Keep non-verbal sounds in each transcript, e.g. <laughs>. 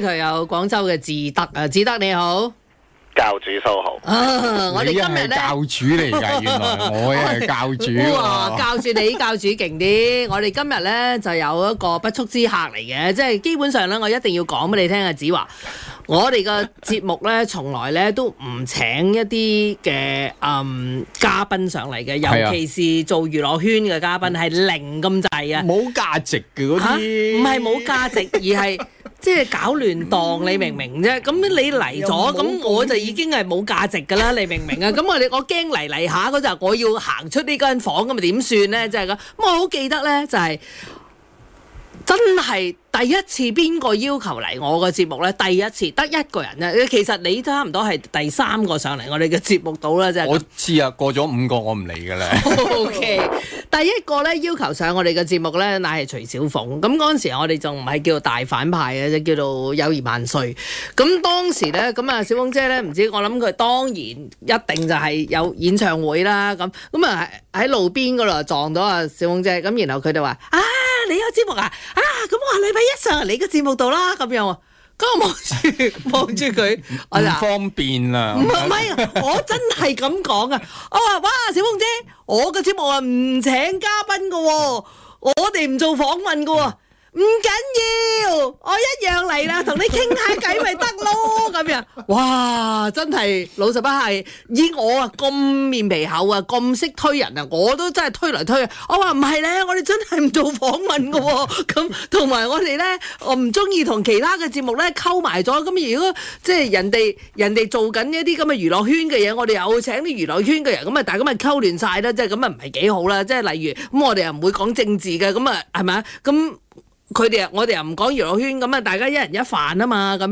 呢佢有廣州嘅智德啊，智德你好，教主收好、啊、我哋今日咧教主嚟噶， <laughs> 原來我亦係教主， <laughs> 教主。教主你教主勁啲！我哋今日咧就有一個不速之客嚟嘅，即係基本上咧，我一定要講俾你聽啊，子華。我哋個節目咧，從來咧都唔請一啲嘅嗯，嘉賓上嚟嘅，尤其是做娛樂圈嘅嘉賓係零咁滯啊！冇價值嘅嗰啲嚇，唔係冇價值，而係即係搞亂檔，你明唔明啫？咁你嚟咗，咁我就已經係冇價值㗎啦！你明唔明啊？咁我哋我驚嚟嚟下嗰陣，我要行出呢間房咁啊，點算咧？即係咁。我好記得咧，就係。真係第一次，邊個要求嚟我個節目呢？第一次得一個人啫。其實你差唔多係第三個上嚟我哋嘅節目度啦，真係。我知啊，過咗五個我唔嚟嘅啦。 <laughs> o、okay, K，第一個咧要求上我哋嘅節目呢，乃係徐小鳳。咁嗰陣時我哋仲唔係叫大反派嘅，就叫做友誼萬歲。咁當時呢，咁啊小鳳姐呢，唔知我諗佢當然一定就係有演唱會啦。咁咁啊喺路邊嗰度撞到啊小鳳姐，咁然後佢哋話啊。你有節目啊，啊咁我話禮拜一上你個節目度啦，咁樣喎。咁望住望住佢，唔 <laughs> 說方便啦。唔係唔係，我真係咁講啊。我話哇，小鳳姐，我個節目啊唔請嘉賓㗎喎，我哋唔做訪問㗎喎。 <laughs> 唔緊要，我一樣嚟啦，同你傾下偈咪得咯，咁樣。哇，真係老實不係，以我啊咁面皮厚啊，咁識推人啊，我都真係推嚟推去。我話唔係咧，我哋真係唔做訪問噶，咁同埋我哋咧，我唔中意同其他嘅節目咧溝埋咗。咁如果即係人哋人哋做緊一啲咁嘅娛樂圈嘅嘢，我哋又請啲娛樂圈嘅人咁啊，但係咪啊溝亂晒啦，即係咁啊唔係幾好啦。即係例如咁，我哋又唔會講政治嘅，咁啊係咪，咁。佢哋啊我哋又唔講娛樂圈咁啊，大家一人一飯啊嘛，咁樣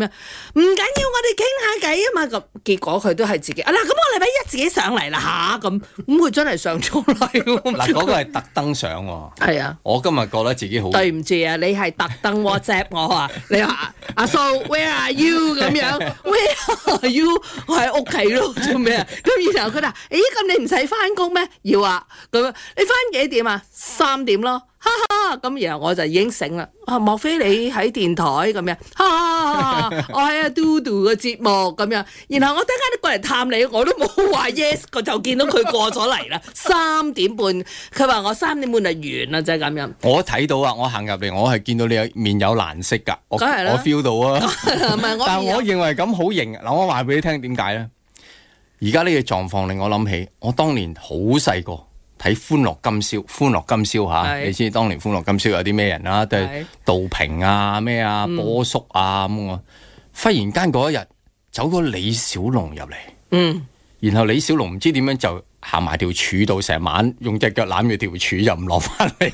唔緊要，我哋傾下偈啊嘛，咁結果佢都係自己啊，嗱，咁我禮拜一自己上嚟啦，吓，咁咁佢真係上咗嚟咯。嗱，嗰個係特登上喎。係啊，我今日覺得自己好。對唔住啊，你係特登 WhatsApp 我啊，你話阿叔 Where are you 咁樣？Where are you？我喺屋企咯，做咩啊？咁然後佢話，誒，咁你唔使翻工咩？要啊，咁樣你翻幾點啊？三點咯。哈哈，咁 <laughs> 然後我就已經醒啦。啊，莫非你喺電台咁樣？哈、啊、哈、啊啊，我喺阿嘟嘟嘅節目咁樣。然後我突然間都過嚟探你，我都冇話 yes，我就見到佢過咗嚟啦。三點半，佢話我三點半就完啦，就係咁樣。我睇到啊，我行入嚟，我係見到你有面有藍色噶，我，梗係我 feel 到啊。 <laughs> 但係我認為咁好型。嗱，我話俾你聽點解咧而家呢個狀況令我諗起，我當年好細個。睇《歡樂今宵》啊，是《歡樂今宵》嚇是，你知當年《歡樂今宵》有啲咩人啦，都係杜平啊、咩啊、波叔啊咁啊、嗯。忽然間嗰一日，走咗李小龍入嚟，嗯，然後李小龍唔知點樣就。行埋條柱到成晚用隻腳攬住條柱就唔落翻嚟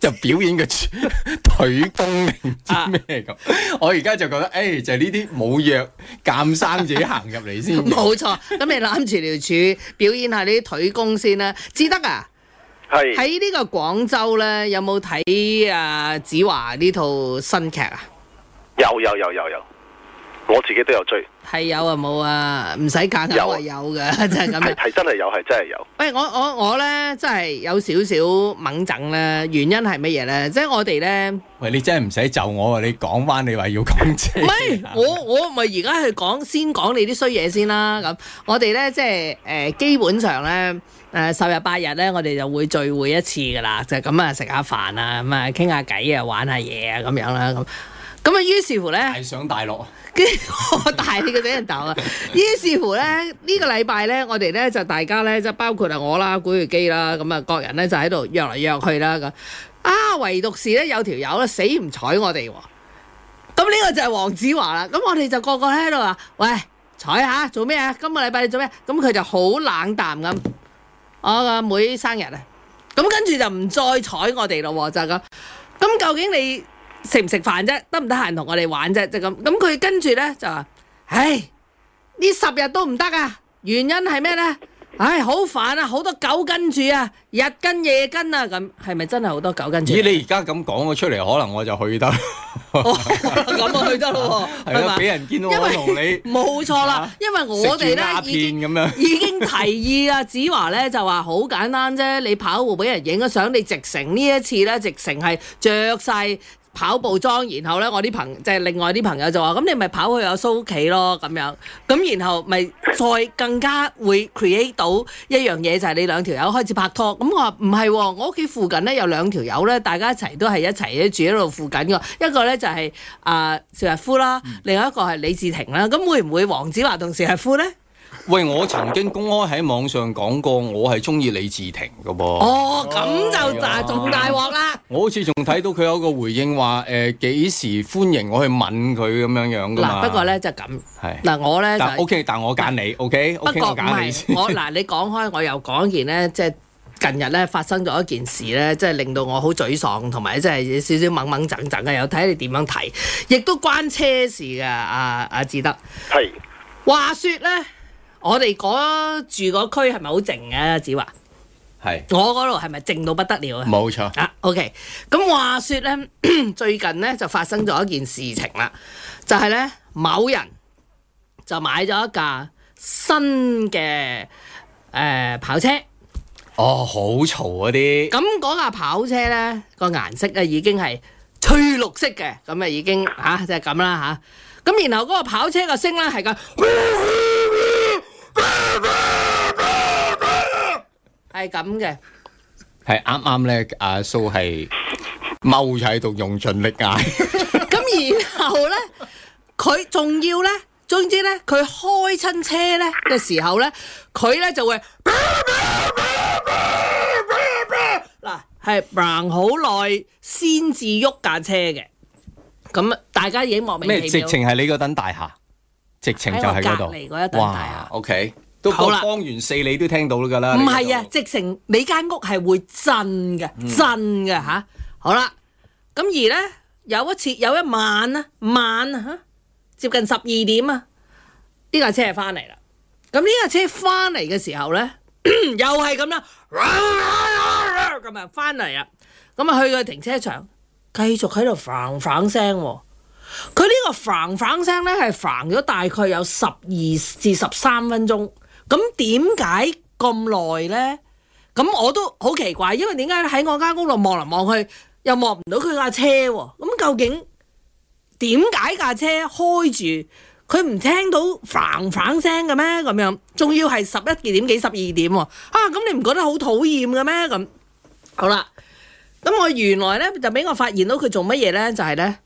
就表演嘅 <laughs> 腿功唔知咩咁。啊、我而家就覺得，誒、哎，就呢啲冇藥鑒生自己行入嚟先。冇錯，咁你攬住條柱表演下啲腿功先啦。志得啊，係喺是呢個廣州咧，有冇睇阿子華呢套新劇啊？有有有有有，有，我自己都有追。係有啊，冇啊，唔使揀啊，有嘅，真係咁嘅，係真係有，係真係有。喂，我我我咧，真係有少少猛憎咧，原因係乜嘢咧？即係我哋咧。喂，你真係唔使就我啊！你講翻你話要講車。唔係，我我唔係而家係講，先講你啲衰嘢先啦。咁我哋咧，即係誒，基本上咧，誒，十日八日咧，我哋就會聚會一次噶啦，就係咁啊，食下飯啊，咁啊，傾下偈啊，玩下嘢啊，咁樣啦，咁。咁啊，於是乎咧，大上大落跟住我大你嘅俾人鬥啊！ <laughs> <laughs> 於是乎咧，這個、呢個禮拜咧，我哋咧就大家咧，就包括啊我啦、古巨基啦，咁啊各人咧就喺度約嚟約去啦咁。啊，唯獨是咧有條友咧死唔睬我哋、啊、喎。咁呢個就係黃子華啦。咁我哋就個個喺度話，喂，睬下、啊、做咩啊？今個禮拜你做咩、啊？咁佢就好冷淡咁。我個妹生日啊，咁跟住就唔再睬我哋咯喎，就咁。咁究竟你？食唔食飯啫？得唔得閒同我哋玩啫？就咁咁，佢跟住咧就話：，唉，呢十日都唔得啊！原因係咩咧？唉，好煩啊！好多狗跟住啊，日跟夜跟啊，咁係咪真係好多狗跟住？咦，你而家咁講咗出嚟，可能我就去得。咁啊，去得咯，係嘛？俾人見到我同你冇錯啦，因為， <laughs> 因為我哋咧 <laughs> <laughs> 已經已經提議阿子華咧就話好簡單啫，你跑步俾人影咗相，你直成 <laughs> 呢一次咧，直成係着晒。跑步裝，然後呢，我啲朋友即係另外啲朋友就話：，咁你咪跑去阿蘇屋企咯，咁樣，咁然後咪再更加會 create 到一樣嘢，就係、是、你兩條友開始拍拖。咁我話唔係，我屋企、哦、附近呢有兩條友呢，大家一齊都係一齊住喺度附近嘅，一個呢就係啊邵逸夫啦，另一個係李志廷啦。咁、嗯、會唔會黃子華同邵逸夫呢？喂，我曾經公開喺網上講過，我係中意李治廷嘅噃。哦、okay, okay? okay,，咁就大仲大鑊啦！我好似仲睇到佢有個回應話誒幾時歡迎我去吻佢咁樣樣噶嘛？不過咧就咁。係嗱，我咧就 O K，但我揀你 O K，不過唔係我嗱。你講開我又講件咧，即係近日咧發生咗一件事咧，即係令到我好沮喪，同埋即係少少懵懵整整嘅。有睇你點樣睇？亦都關車事噶，阿阿志德。係話説咧。我哋嗰住嗰區係咪好靜啊？子華係我嗰度係咪靜到不得了啊？冇錯啊。Ah, OK，咁話説咧， <coughs> 最近咧就發生咗一件事情啦，就係、是、咧某人就買咗一架新嘅，誒、呃、跑車。哦，好嘈嗰啲。咁嗰架跑車咧個顏色咧已經係翠綠色嘅，咁啊已經吓即係咁啦吓。咁、啊就是啊、然後嗰個跑車嘅聲咧係個。 <coughs> 係咁嘅，係啱啱咧，阿蘇係踎喺度用盡力嗌，咁然後咧，佢仲要咧，總之咧，佢開親車咧嘅時候咧，佢咧就會嗱，係掹好耐先至喐架車嘅，咁啊，大家已經望咩？直情係你嗰等大廈，直情就喺隔籬嗰一等大廈。OK。都好啦，方圓四里都聽到噶啦。唔係啊，直情你間屋係會震嘅，嗯、震嘅吓、啊。好啦，咁而呢，有一次有一晚啊，晚啊吓、啊，接近十二點啊，呢、這、架、個、車係翻嚟啦。咁呢架車翻嚟嘅時候呢， <coughs> 又係咁啦，咁樣翻嚟啦。咁 <coughs> 啊去個停車場繼續喺度唪唪聲。佢呢、這個唪唪聲呢，係唪咗大概有十二至十三分鐘。咁點解咁耐呢？咁我都好奇怪，因為點解喺我間屋度望嚟望去又望唔到佢架車喎、啊？咁究竟點解架車開住佢唔聽到唪唪聲嘅咩？咁樣仲要係十一二點幾十二點喎、啊？啊！咁你唔覺得好討厭嘅咩？咁好啦，咁我原來呢，就俾我發現到佢做乜嘢呢？就係、係、呢，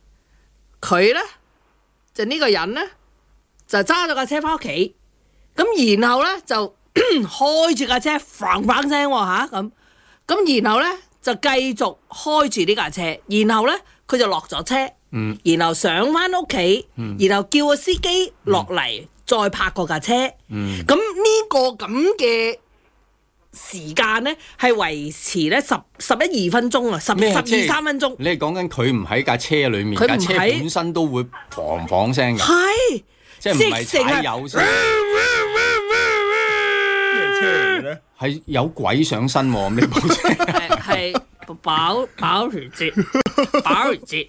佢呢，就呢個人呢，就揸咗架車翻屋企。咁然後咧就開住架車，砰砰聲吓咁。咁然後咧就繼續開住呢架車，然後咧佢就落咗車，然後上翻屋企，然後叫個司機落嚟再拍過架車。咁呢個咁嘅時間咧係維持咧十十一二分鐘啊，十十二三分鐘。你係講緊佢唔喺架車裏面，架車本身都會砰砰聲嘅，係對即係唔係踩油先？係 <laughs> 有鬼上身、啊，呢部車係保保時捷，保時捷，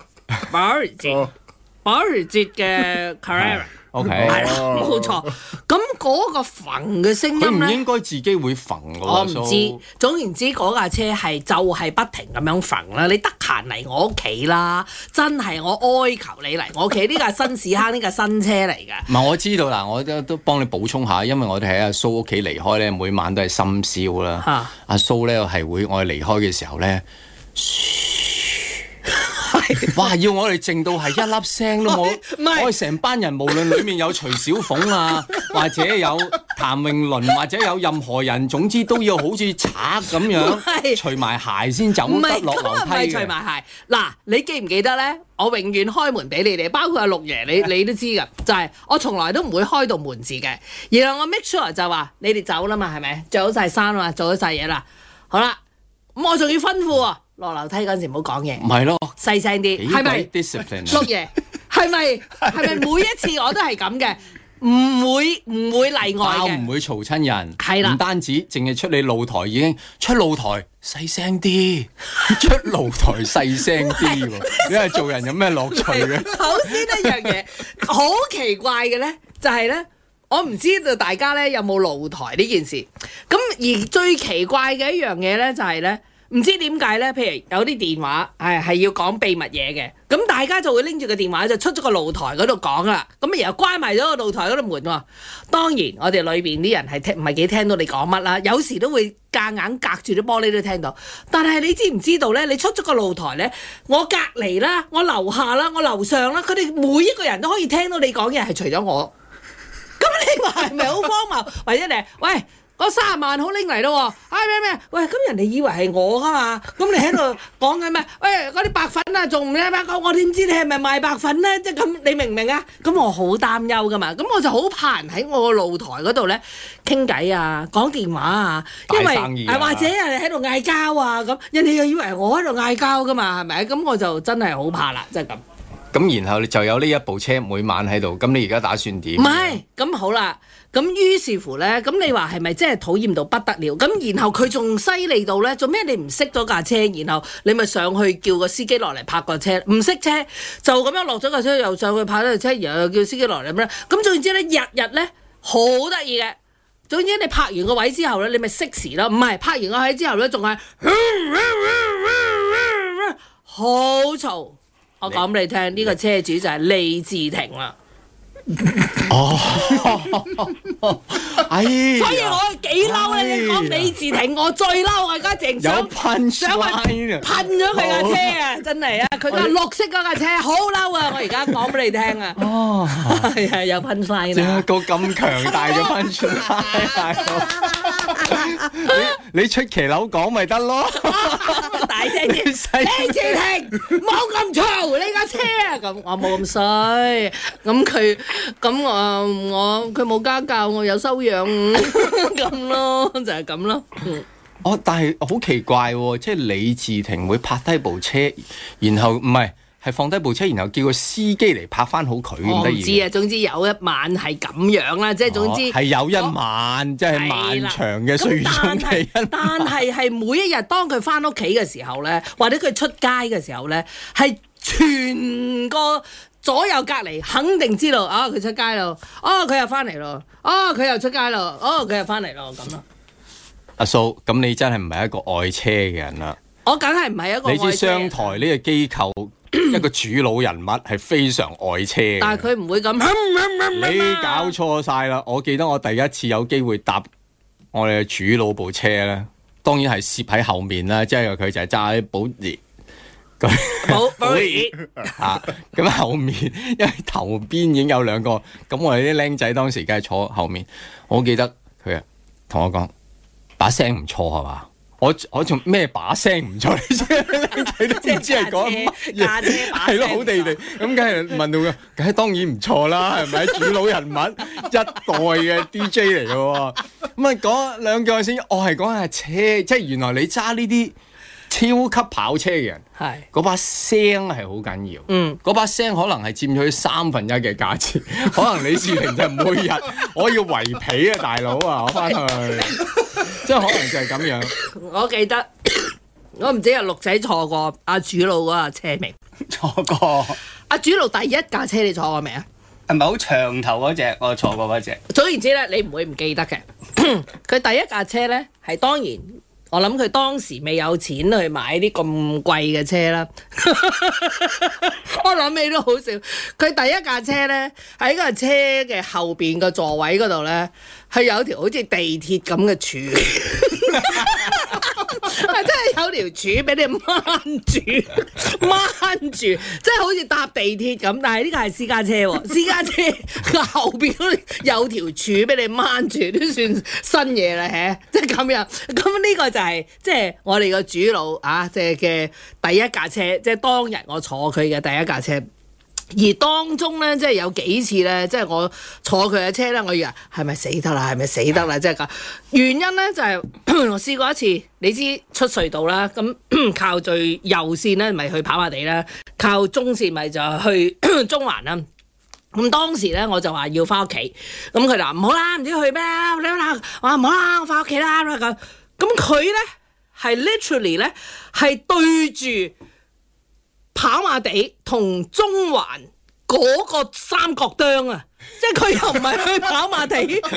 保時捷，保時捷嘅 c a r 係啦，冇錯。咁、那、嗰個馮嘅聲音咧，唔應該自己會馮。我唔知。總言之，嗰架車係就係不停咁樣馮啦。你得閒嚟我屋企啦，真係我哀求你嚟我屋企。呢架 <laughs> 新市坑，呢架新車嚟噶。唔係、嗯，我知道啦。我都都幫你補充下，因為我哋喺阿蘇屋企離開咧，每晚都係深宵啦。啊、阿蘇咧係會，我哋離開嘅時候咧。哇！要我哋靜到係一粒聲都冇，我哋成班人無論裏面有徐小鳳啊，或者有譚詠麟，或者有任何人，總之都要好似賊咁樣除埋鞋先走得落樓梯嘅。唔係除埋鞋。嗱，你記唔記得咧？我永遠開門俾你哋，包括阿六爺，你你都知㗎，就係我從來都唔會開到門字嘅。而我 make sure 就話你哋走啦嘛，係咪？做好曬衫啦，做好曬嘢啦。好啦，咁我仲要吩咐。落樓梯嗰時唔好講嘢，唔係咯，細聲啲，係咪？discipline，係咪？係咪每一次我都係咁嘅，唔會，唔會例外嘅，唔會嘈親人，係啦，唔單止，淨係出你露台已經出露台細聲啲，出露台細聲啲喎，你係做人有咩樂趣嘅？首先一樣嘢，好奇怪嘅咧，就係咧，我唔知道大家咧有冇露台呢件事，咁而最奇怪嘅一樣嘢咧，就係咧。唔知點解呢？譬如有啲電話係係、哎、要講秘密嘢嘅，咁大家就會拎住個電話就出咗個露台嗰度講啦。咁然後關埋咗個露台嗰度門喎。當然我哋裏邊啲人係聽唔係幾聽到你講乜啦。有時都會夾硬隔住啲玻璃都聽到。但係你知唔知道呢？你出咗個露台呢，我隔離啦，我樓下啦，我樓上啦，佢哋每一個人都可以聽到你講嘢，係除咗我。咁 <laughs> 你話係咪好荒謬？ <laughs> 或者你。喂？嗰卅萬好拎嚟咯喎！咩、哎、咩？喂，咁人哋以為係我噶、啊、嘛？咁、嗯、你喺度講緊咩？ <laughs> 喂，嗰啲白粉啊，仲唔咩咩？我我點知你係咪賣白粉咧？即係咁，你明唔明啊？咁、嗯、我好擔憂噶嘛？咁、嗯、我就好怕人喺我個露台嗰度咧傾偈啊，講電話啊，因為、啊、或者人哋喺度嗌交啊，咁、嗯、人哋又以為我喺度嗌交噶嘛？係咪？咁、嗯、我就真係好怕啦，即係咁。咁然後你就有呢一部車每晚喺度，咁你而家打算點？唔係，咁好啦。咁於是乎呢，咁你話係咪真係討厭到不得了？咁然後佢仲犀利到呢，做咩你唔識咗架車，然後你咪上去叫個司機落嚟拍個車？唔識車就咁樣落咗架車，又上去拍咗架車，然後又叫司機落嚟咁樣。咁總言之呢，日日呢，好得意嘅。總之，你拍完個位之後呢，你咪熄匙咯。唔係拍完個位之後呢，仲係好嘈。我講俾你聽，呢你個車主就係李志廷啦。哦， <laughs> <laughs> 所以，我幾嬲咧、啊！ <music> 你講李治廷，我最嬲了啊！而家淨想有噴晒，噴咗佢架車啊！真係啊，佢架綠色嗰架車好嬲啊！我而家講俾你聽啊！哦，係啊，又噴晒啦！個咁強大嘅噴槍。 <laughs> 你，你出騎樓講咪得咯， <laughs> 大聲啲！ <laughs> 你嗎李自庭冇咁嘈呢架車啊，咁我冇咁細，咁佢咁啊我佢冇家教，我有修養咁咯，就係、是、咁咯。 <laughs> 哦，但係好奇怪、哦，即係李自庭會拍低部車，然後唔係。係放低部車，然後叫個司機嚟拍翻好佢，唔得嘅。我唔、哦、知啊，總之有一晚係咁樣啦，即係、哦、總之係有一晚，即係、哦、漫長嘅歲月。但係係每一日，當佢翻屋企嘅時候咧，或者佢出街嘅時候咧，係全個左右隔籬肯定知道啊！佢出街咯，哦，佢又翻嚟咯，哦，佢又,、哦、又出街咯，哦，佢又翻嚟咯，咁咯。阿蘇、啊，咁你真係唔係一個愛車嘅人啦。我梗係唔係一個。你知商台呢個機構？一個主腦人物係非常愛車，但係佢唔會咁、嗯。嗯嗯嗯嗯、你搞錯晒啦！了我記得我第一次有機會搭我哋嘅主腦部車咧，當然係攝喺後面啦，即係佢就係揸喺寶兒，寶寶兒啊，咁後面因為頭邊已經有兩個，咁我哋啲僆仔當時梗係坐後面。我記得佢啊，同我講，把聲唔錯係嘛？我我仲咩把聲唔錯？你都唔知係講乜嘢？係咯，好地地咁，梗係問到佢，梗係當然唔錯啦，係咪？主腦人物一代嘅 DJ 嚟嘅，咁啊講兩句先。我係講下車，即係原來你揸呢啲超級跑車嘅人，係嗰把聲係好緊要。嗯，嗰把聲可能係佔咗三分一嘅價錢。可能李志平就每日我要圍皮啊，大佬啊，我翻去。即係可能就係咁樣。 <laughs> 我記得 <coughs> 我唔知阿六、啊、仔坐過阿、啊、主路嗰架車未？坐過。阿、啊、主路第一架車你坐過未啊？係咪好長頭嗰隻？我坐過嗰隻。總言之咧，你唔會唔記得嘅。佢 <coughs> 第一架車咧，係當然。我諗佢當時未有錢去買啲咁貴嘅車啦， <laughs> 我諗你都好笑。佢第一架車呢，喺個車嘅後邊個座位嗰度呢，係有條好似地鐵咁嘅柱。 <laughs> <laughs> 係 <laughs> 真係有條柱俾你掹住， <laughs> 掹住，即係好似搭地鐵咁。但係呢個係私家車，私家車後邊嗰有條柱俾你掹住都算新嘢啦，吓！即係咁樣，咁呢個就係即係我哋個主腦啊！即係嘅第一架車，即係當日我坐佢嘅第一架車。而當中咧，即係有幾次咧，即係我坐佢嘅車咧，我以為係咪死得啦？係咪死得啦？即係咁原因咧，就係我試過一次，你知出隧道啦，咁靠最右線咧，咪去跑馬地啦；靠中線咪就去中環啦。咁當時咧，我就話要翻屋企，咁佢就話唔好啦，唔知去咩啦。我話唔好啦，我翻屋企啦咁。咁佢咧係 literally 咧係對住跑馬地同中環嗰個三角釘啊，即係佢又唔係去跑馬地，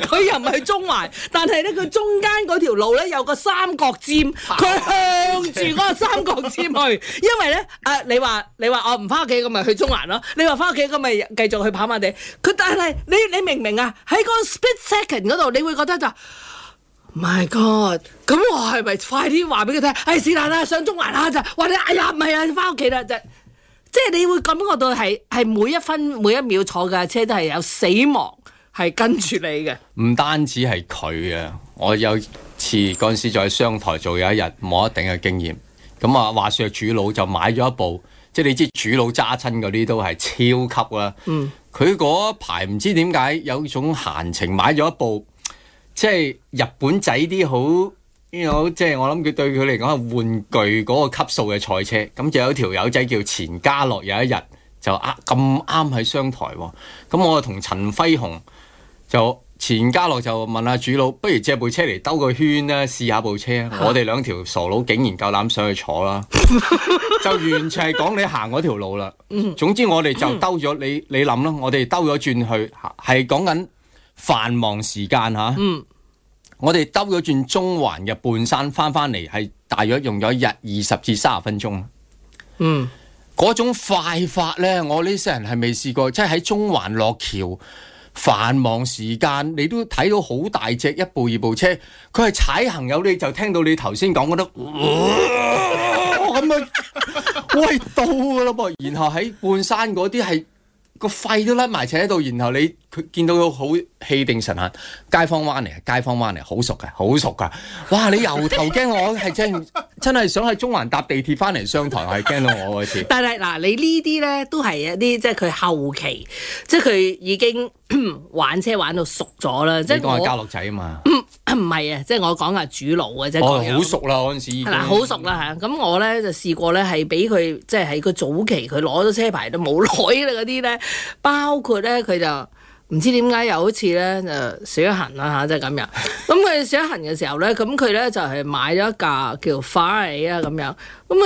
佢 <laughs> 又唔係去中環，但係呢，佢中間嗰條路呢，有個三角尖，佢向住嗰個三角尖去，因為呢，誒、啊，你話你話我唔翻屋企，咁咪去中環咯，你話翻屋企，咁咪繼續去跑馬地，佢但係你你明唔明啊？喺個 speed second 嗰度，你會覺得就。My God！咁我係咪快啲話俾佢聽？誒，是但啦，上中環啦就話你，哎呀唔係啊，你翻屋企啦就即係你會感覺到係係每一分每一秒坐嘅車都係有死亡係跟住你嘅。唔單止係佢啊，我有次陣時在商台做有一日冇一定嘅經驗，咁啊話説主腦就買咗一部，即係你知主腦揸親嗰啲都係超級啦。嗯，佢嗰排唔知點解有種閒情買咗一部。即係日本仔啲好有，you know, 即係我諗佢對佢嚟講係玩具嗰個級數嘅賽車。咁就有條友仔叫錢嘉樂，有一日就呃咁啱喺商台、哦，咁我同陳輝雄就錢嘉樂就問下主佬，不如借部車嚟兜個圈啦，試下部車。啊、我哋兩條傻佬竟然夠膽上去坐啦， <laughs> 就完全係講你行嗰條路啦。總之我哋就兜咗你，你諗啦。我哋兜咗轉去，係講緊。繁忙時間吓，嗯，我哋兜咗轉中環嘅半山翻翻嚟，係大約用咗一日二十至卅分鐘。嗯，嗰種快法咧，我呢些人係未試過，即係喺中環落橋繁忙時間，你都睇到好大隻一部二部車，佢係踩行有，你就聽到你頭先講，覺得咁、呃哦哦哦、樣喂到啦噃，然後喺半山嗰啲係。個肺都甩埋扯喺度，然後你佢見到佢好氣定神閒、啊，街坊灣嚟，街坊灣嚟，好熟㗎，好熟㗎，哇！你由頭驚我係真 <laughs> 真係想喺中環搭地鐵翻嚟商台，係驚到我嗰次。但係嗱，你呢啲咧都係一啲即係佢後期，即係佢已經 <coughs> 玩車玩到熟咗啦，即係我家樂仔啊嘛。唔係啊，即係我講下主腦嘅啫。我、哦、的好熟啦，嗰陣時。係啦， <laughs> 好熟啦嚇。咁我咧就試過咧，係俾佢，即係喺個早期佢攞咗車牌都冇耐啦嗰啲咧，包括咧佢就唔知點解又好似咧就咗痕啦吓，即係咁樣。咁佢咗痕嘅時候咧，咁佢咧就係買咗一架叫 Fire 啊咁樣，咁、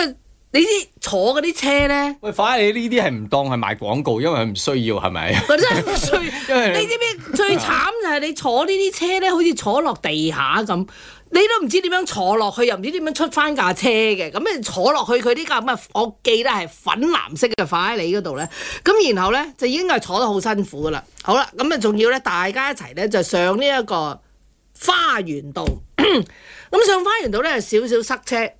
嗯、啊。你啲坐嗰啲車呢？喂，反而你呢啲係唔當係賣廣告，因為佢唔需要，係咪？真係唔需要。你知唔知 <laughs> 最慘就係你坐呢啲車呢，好似坐落地下咁，你都唔知點樣坐落去，又唔知點樣出翻架車嘅。咁你坐落去佢呢架乜，我記得係粉藍色嘅，放喺你嗰度呢。咁然後呢，就已經係坐得好辛苦噶啦。好啦，咁啊仲要呢，大家一齊呢，就上呢一個花園道。咁 <coughs> 上花園道呢，少少塞車。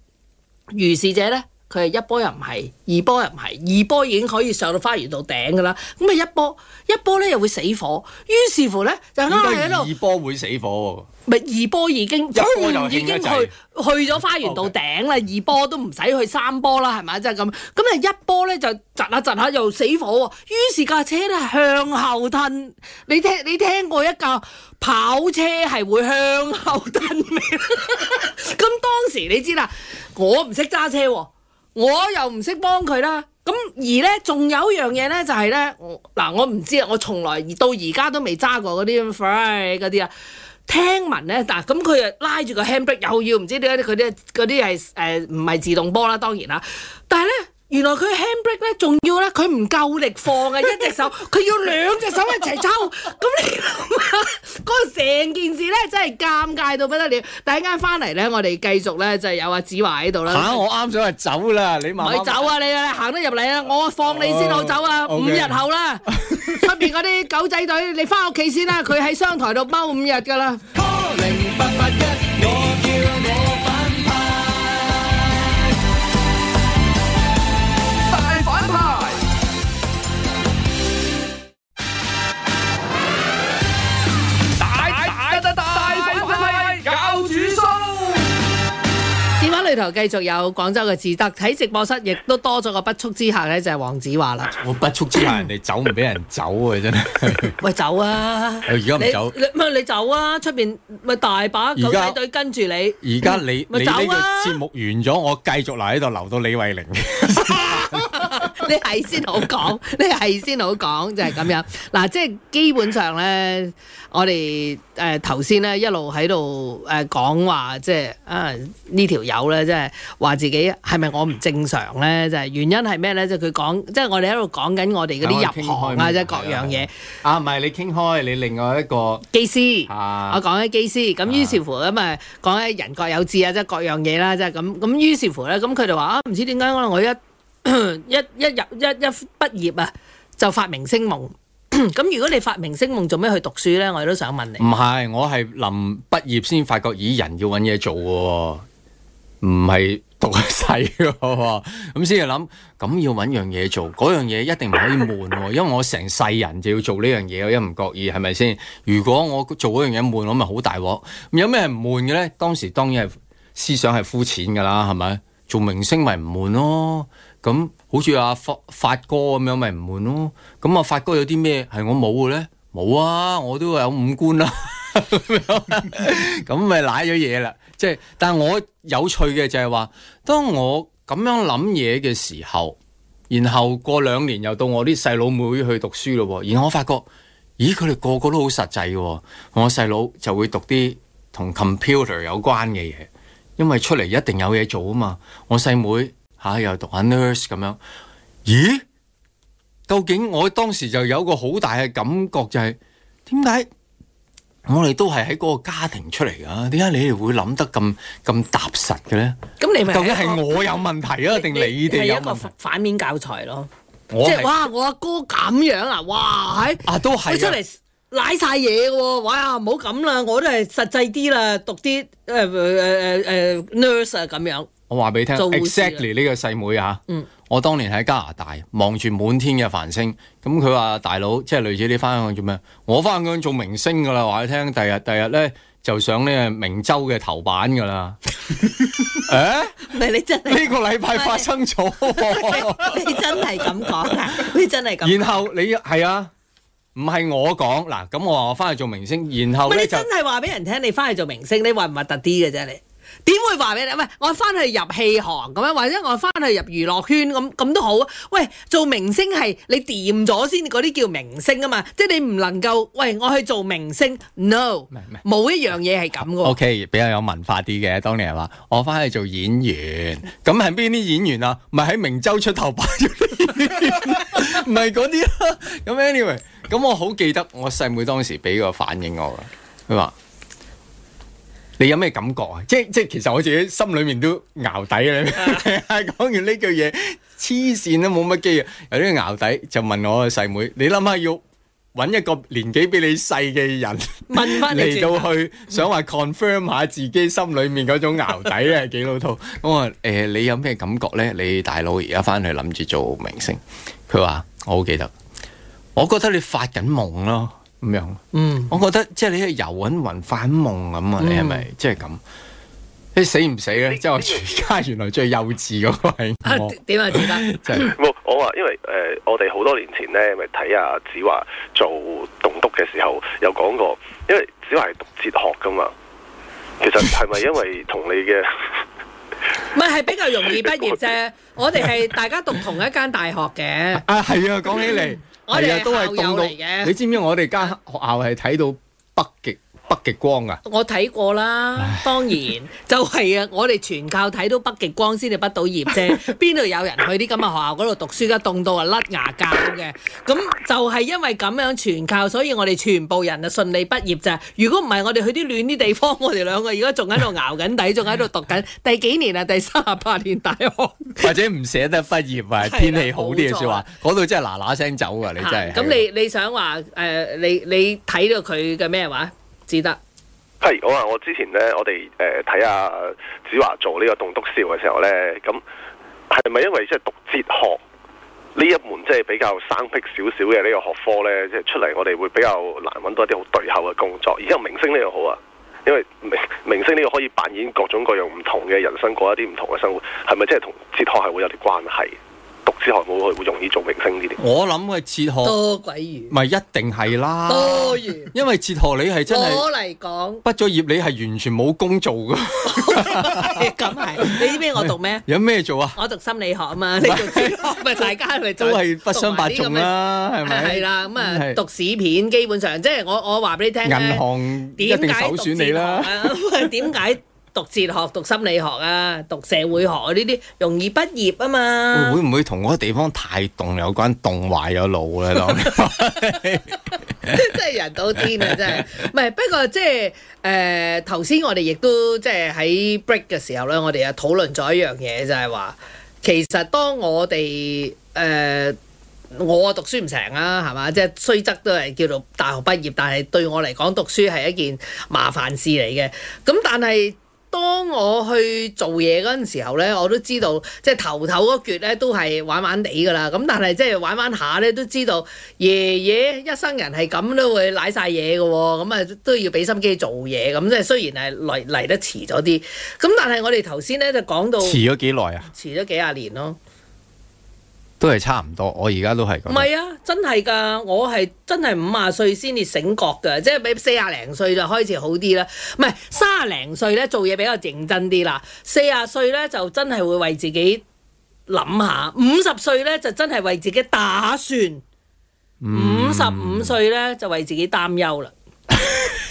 如是者呢。佢係一波又唔係，二波又唔係，二波已經可以上到花園道頂嘅啦。咁啊，一波一波咧又會死火，於是乎咧就啱係喺度。二波會死火喎。咪二波已經，一波就變去去咗花園道頂啦，okay. 二波都唔使去三波啦，係咪啊？即係咁。咁啊，一波咧就窒下窒下又死火喎。於是架車咧向後褪。你聽你聽過一架跑車係會向後褪咩？咁、 <laughs> 嗯、當時你知啦，我唔識揸車喎。我又唔識幫佢啦，咁而咧仲有一樣嘢咧就係咧，嗱我唔知我從啊，我從來到而家都未揸過嗰啲 fry 嗰啲啊，聽聞咧，但咁佢啊拉住個 handbrake 又要唔知點解佢啲嗰啲係誒唔係自動波啦，當然啦，但係咧。原來佢 handbrake 咧，仲要咧，佢唔夠力放啊！一隻手，佢要兩隻手一齊抽。咁 <laughs> 你想想，嗰、那、成、個、件事咧，真係尷尬到不得了。第一間翻嚟咧，我哋繼續咧，就係、是、有阿、啊、子華喺度啦。嚇、啊！我啱想話走啦，你咪走啊！你啊啊你行得入嚟啦，我放你先，好走啊！Oh, okay. 五日後啦，出邊嗰啲狗仔隊，你翻屋企先啦、啊，佢喺商台度踎五日㗎啦。 <laughs> 呢頭繼續有廣州嘅自得喺直播室，亦都多咗個不速之客咧，就係、是、黃子華啦。我不速之客，人哋走唔俾人走啊，真係。 <laughs> 喂，走啊！而家唔走，你係你,你走啊？出邊咪大把狗仔隊跟住你。而家你，你呢 <coughs> 個節目完咗， <coughs> 我繼續留喺度留到李慧玲。 <laughs> 你係先好講，你係先好講就係、是、咁樣。嗱、啊，即係基本上咧，我哋誒頭先咧一路喺度誒講話，即係啊呢條友咧，即係話自己係咪我唔正常咧？就係原因係咩咧？就係佢講，即係我哋喺度講緊我哋嗰啲入行啊，即係各樣嘢。啊，唔係你傾開，你另外一個機師，我講緊機師。咁、啊、於是乎咁誒，講緊人各有志啊，即係各樣嘢啦，即係咁。咁於是乎咧，咁佢哋話啊，唔知點解我一 <coughs> 一一入一一畢業啊，就發明星夢。咁 <coughs> 如果你發明星夢，做咩去讀書呢？我亦都想問你。唔係，我係臨畢業先發覺，咦，人要搵嘢做，哦哦、 <laughs> 做，唔係讀一世嘅。咁先至諗，咁要搵樣嘢做，嗰樣嘢一定唔可以悶，哦。因為我成世人就要做呢樣嘢，我一唔覺意係咪先？如果我做嗰樣嘢悶，我咪好大鑊。有咩唔悶嘅呢？當時當然係思想係膚淺噶啦，係咪？做明星咪唔悶咯。咁好似阿發發哥咁樣，咪唔悶咯？咁啊，發哥有啲咩係我冇嘅咧？冇啊，我都有五官啦，啊。咁咪瀨咗嘢啦。即 <laughs> 係，但係我有趣嘅就係話，當我咁樣諗嘢嘅時候，然後過兩年又到我啲細佬妹去讀書咯。然後我發覺，咦，佢哋個個都好實際。我細佬就會讀啲同 computer 有關嘅嘢，因為出嚟一定有嘢做啊嘛。我細妹，妹。嚇又讀下 nurse 咁樣，咦？究竟我當時就有個好大嘅感覺，就係點解我哋都係喺嗰個家庭出嚟㗎？點解你哋會諗得咁咁踏實嘅咧？咁你咪究竟係我有問題啊？定你哋有問題？一個反面教材咯，即係哇！我阿哥咁樣啊，哇喺啊都係出嚟賴曬嘢喎！哇呀，唔好咁啦，我都係實際啲啦，讀啲誒誒誒誒 nurse 啊咁樣。我話俾你聽，exactly 呢個細妹啊！嗯、我當年喺加拿大望住滿天嘅繁星，咁佢話大佬，即係類似你翻去做咩？我翻去做明星噶啦！話你聽，第日第日咧就上呢個明州嘅頭版噶啦！誒、 <laughs> 欸，唔係 <laughs> 你真？呢個禮拜發生咗？ <laughs> <laughs> <laughs> <laughs> 你真係咁講你真係咁？然後你係啊？唔係我講嗱，咁我話我翻去做明星，然後你真係話俾人聽，你翻去做明星,星，你話唔核突啲嘅啫你？點會話俾你？喂，我翻去入戲行咁樣，或者我翻去入娛樂圈咁咁都好啊？喂，做明星係你掂咗先，嗰啲叫明星啊嘛？即係你唔能夠喂我去做明星？No，冇一樣嘢係咁噶。OK，比較有文化啲嘅當年係話，我翻去做演員，咁係邊啲演員啊？唔係喺明州出頭擺咗，唔係嗰啲啦。咁 anyway，咁我好記得我細妹當時俾個反應我噶，佢話。你有咩感覺啊？即係即係其實我自己心裏面都淆底你講 Yeah. <laughs> 完呢句嘢，黐線都冇乜機啊！有啲淆底就問我細妹，妹，你諗下要揾一個年紀比你細嘅人嚟 <laughs> 到去，想話 confirm 下自己心裏面嗰種淆底咧，幾老套。 <laughs> 我」我話誒，你有咩感覺咧？你大佬而家翻去諗住做明星，佢話我好記得，我覺得你發緊夢咯。咁樣，嗯，我覺得即係你係游喺雲，翻喺夢咁啊！你係咪、嗯、即係咁？你死唔死咧？你即係我全家原來最幼稚嗰個係點啊？子華、啊，即係，我話、 <laughs> 啊，因為誒，我哋好多年前咧，咪睇阿子華做棟篤嘅時候，有講過，因為子華係讀哲學㗎嘛，其實係咪因為同你嘅唔係，係比較容易畢業啫。 <laughs> 我哋係大家讀同一間大學嘅啊，係啊，講起嚟。係啊，都係凍到，你知唔知我哋間學校係睇到北極？北極光啊！我睇過啦，當然唉 就係啊！我哋全靠睇到北極光先至畢到業啫。邊度有人去啲咁嘅學校嗰度讀書噶？凍到啊甩牙膠嘅。咁就係因為咁樣全靠，所以我哋全部人啊順利畢業咋，如果唔係我哋去啲暖啲地方，我哋兩個而家仲喺度熬緊底，仲喺度讀緊第幾年啊？第三十八年大學，或者唔捨得畢業，啊？ <laughs> 天氣好啲嘅說話，嗰度錯、啊、真係嗱嗱聲走啊！你真係咁、嗯、你你想話誒、呃？你你睇到佢嘅咩話？知得係我話我之前呢，我哋誒睇下子華做呢個棟篤笑嘅時候呢，咁係咪因為即係讀哲學呢一門即係比較生僻少少嘅呢個學科呢，即係出嚟我哋會比較難揾到一啲好對口嘅工作。而家明星呢個好啊，因為明明星呢個可以扮演各種各樣唔同嘅人生，過一啲唔同嘅生活，係咪即係同哲學係會有啲關係？哲學好好容易做明星呢啲，我諗係哲學，多鬼餘，唔一定係啦，多餘，因為哲學你係真係，我嚟講，畢咗業你係完全冇工做噶，咁係，你知唔知我讀咩？有咩做啊？我讀心理學啊嘛，你讀哲學咪大家係咪做？都係不相伯仲啦，係咪？係啦，咁啊，讀史片基本上，即係我我話俾你聽，銀行一定首選你啦，點解？讀哲學、讀心理學啊、讀社會學呢啲容易畢業啊嘛？會唔會同嗰個地方太凍有關動？凍壞咗腦咧，即係人都癲啊！真係，唔 <laughs> 係不，不過即係誒，頭、呃、先我哋亦都即係喺 break 嘅時候咧，我哋又討論咗一樣嘢，就係、是、話，其實當我哋誒、呃、我讀書唔成啊，係嘛，即係雖則都係叫做大學畢業，但係對我嚟講，讀書係一件麻煩事嚟嘅。咁但係。但當我去做嘢嗰陣時候呢，我都知道即係頭頭嗰橛呢都係玩玩地㗎啦。咁但係即係玩玩下呢，都知道爺爺一生人係咁都會舐晒嘢嘅喎。咁啊都要俾心機做嘢。咁即係雖然係嚟嚟得遲咗啲，咁但係我哋頭先呢就講到遲咗幾耐啊，遲咗幾廿年咯。都係差唔多，我而家都係咁。唔係啊，真係噶，我係真係五啊歲先至醒覺噶，即係比四啊零歲就開始好啲啦。唔係，三啊零歲呢做嘢比較認真啲啦，四啊歲呢就真係會為自己諗下，五十歲呢就真係為自己打算，五十五歲呢就為自己擔憂啦。嗯 <laughs>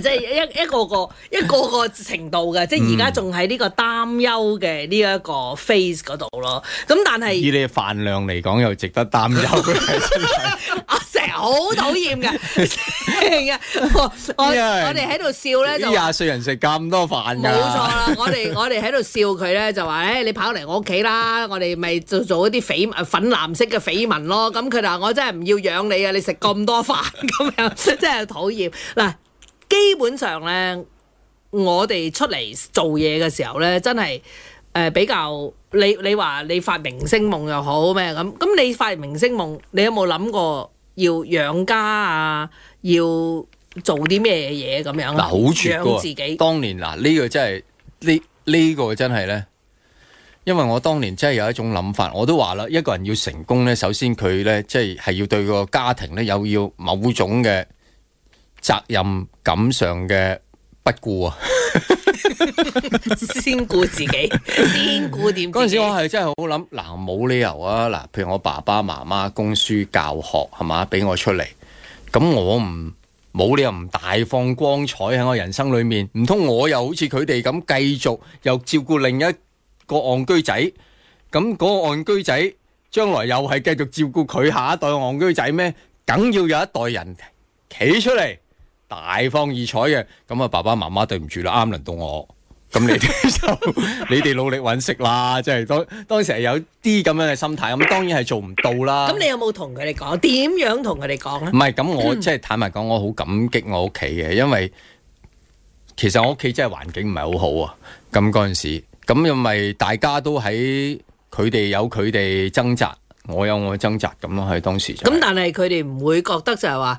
即係一一個個一個個程度嘅，即係而家仲喺呢個擔憂嘅呢一個 phase 嗰度咯。咁但係以你飯量嚟講，又值得擔憂。 <laughs> <laughs> <laughs> 我成日好討厭嘅，我我哋喺度笑咧，廿歲人食咁多飯。冇 <laughs> 錯啦，我哋我哋喺度笑佢咧，就話：，誒，你跑嚟我屋企啦，我哋咪就做一啲緋粉藍色嘅緋聞咯。咁佢話：我真係唔要養你啊！你食咁多飯，咁樣真係討厭嗱。基本上呢，我哋出嚟做嘢嘅時候呢，真係誒比較你你話你發明星夢又好咩咁？咁你發明星夢，你有冇諗過要養家啊？要做啲咩嘢咁樣咧？嗱，養自己啊！當年嗱呢個真係呢呢個真係呢，因為我當年真係有一種諗法，我都話啦，一個人要成功呢，首先佢呢即係係要對個家庭呢有要某種嘅。責任感上嘅不顧啊 <laughs> ， <laughs> 先顧自己，先顧點？嗰陣 <laughs> 時我係真係好諗嗱，冇理由啊嗱，譬如，我爸爸媽媽供書教學係嘛，俾我出嚟，咁我唔冇理由唔大放光彩喺我人生裏面，唔通，我又好似佢哋咁繼續又照顧另一個戇居仔？咁嗰個戇居仔將來又係繼續照顧佢下一代戇居仔咩？梗要有一代人企出嚟。大放異彩嘅，咁啊爸爸媽媽對唔住啦，啱輪到我，咁你哋就 <laughs> 你哋努力搵食啦，即係當當時係有啲咁樣嘅心態，咁當然係做唔到啦。咁你有冇同佢哋講？點樣同佢哋講咧？唔係，咁我即係、嗯、坦白講，我好感激我屋企嘅，因為其實我屋企真係環境唔係好好啊。咁嗰陣時，咁又咪大家都喺佢哋有佢哋掙扎，我有我掙扎，咁咯喺當時、就是。咁但係佢哋唔會覺得就係話。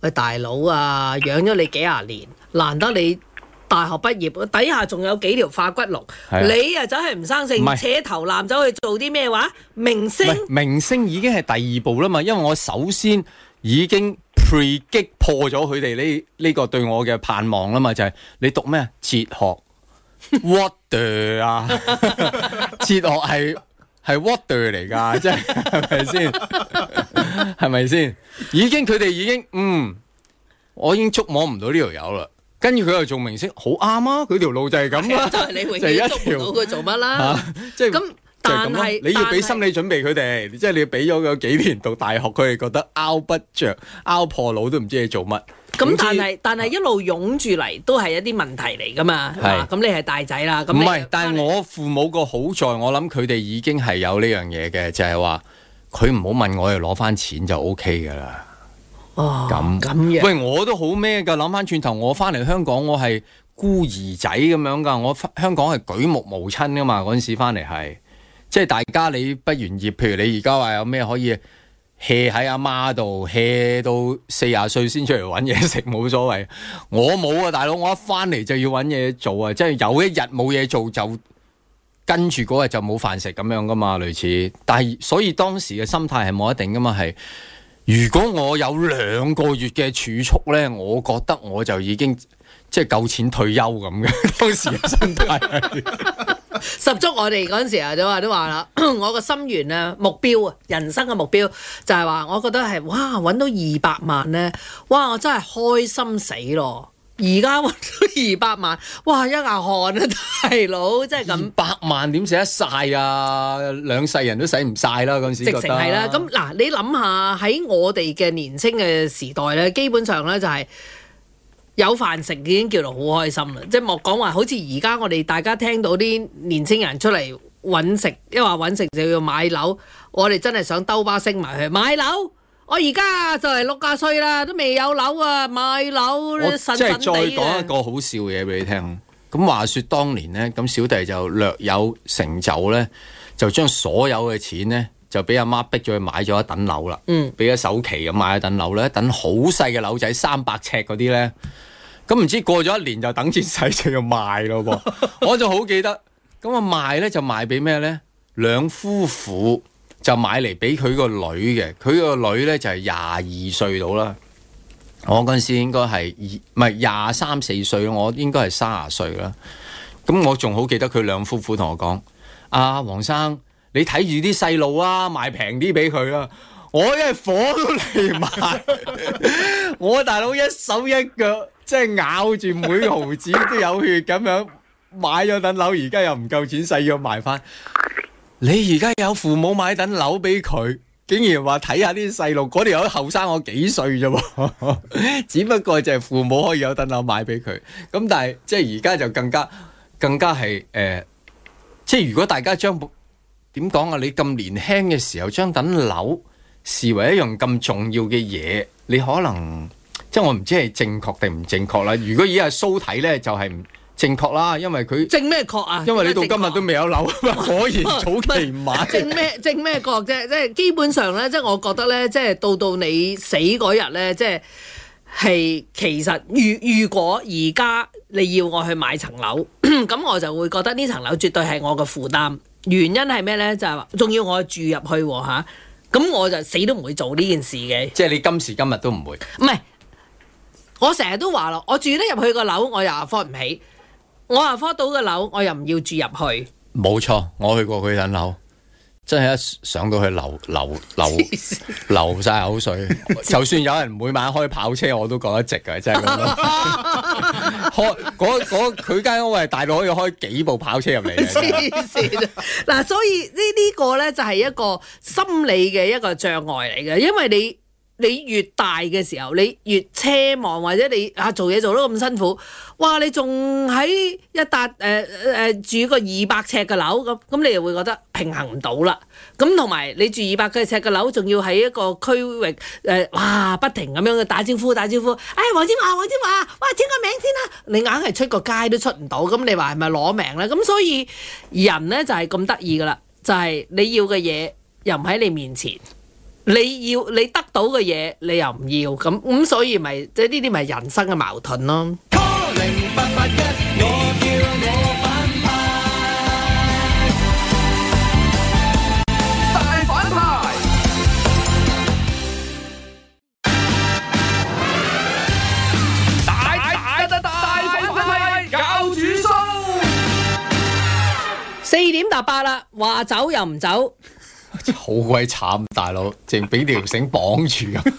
喂，大佬啊，養咗你幾廿年，難得你大學畢業，底下仲有幾條化骨龍，啊你啊走係唔生性，是扯頭男走去做啲咩話？明星？明星已經係第二步啦嘛，因為我首先已經 pre 擊破咗佢哋呢呢個對我嘅盼望啦嘛，就係、是、你讀咩哲學？water 啊？哲學係係 water 嚟噶？即係係咪先？係咪先？已經佢哋已經嗯，我已經觸摸唔到呢條友啦。跟住佢又做明星，好啱啊！佢條路就係咁啊，你一條路佢做乜啦？即係咁，但係你要俾心理準備佢哋，是即係你要俾咗佢幾年讀大學，佢哋覺得拗不着、拗破腦都唔知你做乜。咁但係但係一路湧住嚟，都係一啲問題嚟噶嘛？咁你係大仔啦，咁唔係。是但係我父母個好在， <laughs> 我諗佢哋已經係有呢樣嘢嘅，就係、是、話。佢唔好問我，又攞翻錢就 O K 噶啦。哦，咁樣，樣喂，我都好咩噶？諗翻轉頭，我翻嚟香港，我係孤兒仔咁樣噶。我香港係舉目無親噶嘛。嗰陣時翻嚟係，即係大家你畢完業，譬如你而家話有咩可以 hea 喺阿媽度 hea 到四十歲先出嚟揾嘢食，冇所謂。我冇啊，大佬，我一翻嚟就要揾嘢做啊！即係有一日冇嘢做就。跟住嗰日就冇飯食咁樣噶嘛，類似。但係所以當時嘅心態係冇一定噶嘛，係如果我有兩個月嘅儲蓄呢，我覺得我就已經即係夠錢退休咁嘅當時嘅心態。 <laughs> 十足我， <coughs> 我哋嗰陣時啊，都都話啦，我個心願啊，目標啊，人生嘅目標就係話，我覺得係哇，搵到二百萬呢？哇，我真係開心死咯！而家搵到二百萬，哇一牙汗啊大佬，真係咁。百萬點使得晒啊？兩世人都使唔晒啦，咁時覺得直程係啦，咁嗱、嗯、你諗下喺我哋嘅年青嘅時代咧，基本上咧就係有飯食已經叫到好開心啦。即係莫講話，好似而家我哋大家聽到啲年青人出嚟揾食，一話揾食就要買樓，我哋真係想兜巴星埋去買樓。我而家就嚟六十歲啦，都未有樓啊，買樓神神哋啊，即係再講一個好笑嘅嘢俾你聽。咁話說當年呢，咁小弟就略有成就呢，就將所有嘅錢呢，就俾阿媽逼咗去買咗一等樓啦。嗯，俾咗首期咁買一等樓呢，一等好細嘅樓仔，三百尺嗰啲呢，咁唔知過咗一年就等住細尺又賣咯噃。 <laughs> 我就好記得，咁啊賣呢，就賣俾咩呢？兩夫婦。就買嚟俾佢個女嘅，佢個女咧就係廿二歲到啦。我嗰陣時應該係二，唔係廿三四歲，我應該係三十歲啦。咁我仲好記得佢兩夫婦同我講：「阿、啊、黃生，你睇住啲細路啊，賣平啲俾佢啊！我一係火都嚟埋。」 <laughs> <laughs> 我大佬一手一腳，即係咬住每毫子都有血咁樣買咗棟樓，而家又唔夠錢細要賣翻。你而家有父母買等樓俾佢，竟然話睇下啲細路，嗰條友後生我幾歲啫？只不過就係父母可以有等樓買俾佢。咁但係即係而家就更加更加係誒、呃，即係如果大家將點講啊？你咁年輕嘅時候將等樓視為一樣咁重要嘅嘢，你可能即係我唔知係正確定唔正確啦。如果以阿蘇睇咧，就係、是、唔。正確啦，因為佢正咩確啊？因為你到今日都未有樓啊嘛，確 <laughs> 果然早期唔買正咩正咩確啫，即係 <laughs> 基本上咧，即係我覺得咧，即係到到你死嗰日咧，即係係其實如如果而家你要我去買層樓，咁 <coughs> 我就會覺得呢層樓絕對係我嘅負擔。原因係咩咧？就係話仲要我住入去吓，咁我就死都唔會做呢件事嘅。即係你今時今日都唔會。唔係，我成日都話咯，我住得入去個樓，我又放唔起。我亞科島嘅樓，我又唔要住入去。冇錯，我去過佢間樓，真係一上到去流流流流晒口水。就算有人每晚開跑車，我都覺得值嘅，真係咁樣。開佢間屋係大到可以開幾部跑車入嚟。黐線！嗱，啊，所以呢呢、呢個咧、呢個、就係一個心理嘅一個障礙嚟嘅，因為你。你越大嘅時候，你越奢望或者你啊做嘢做得咁辛苦，哇！你仲喺一笪誒誒住個二百尺嘅樓咁，咁你就會覺得平衡唔到啦。咁同埋你住二百幾尺嘅樓，仲要喺一個區域誒、呃，哇！不停咁樣去打招呼、打招呼。哎，黃天華，黃天華，哇！簽個名先啦、啊。你硬係出個街都出唔到，咁你話係咪攞命咧？咁所以人咧就係咁得意噶啦，就係、是就是、你要嘅嘢又唔喺你面前。你要你得到嘅嘢，你又唔要，咁、嗯、咁所以咪即係呢啲咪人生嘅矛盾咯。大反派，大大大大反派教主蘇，四點搭八啦，話走又唔走。好鬼慘，大佬，淨俾條繩綁住咁，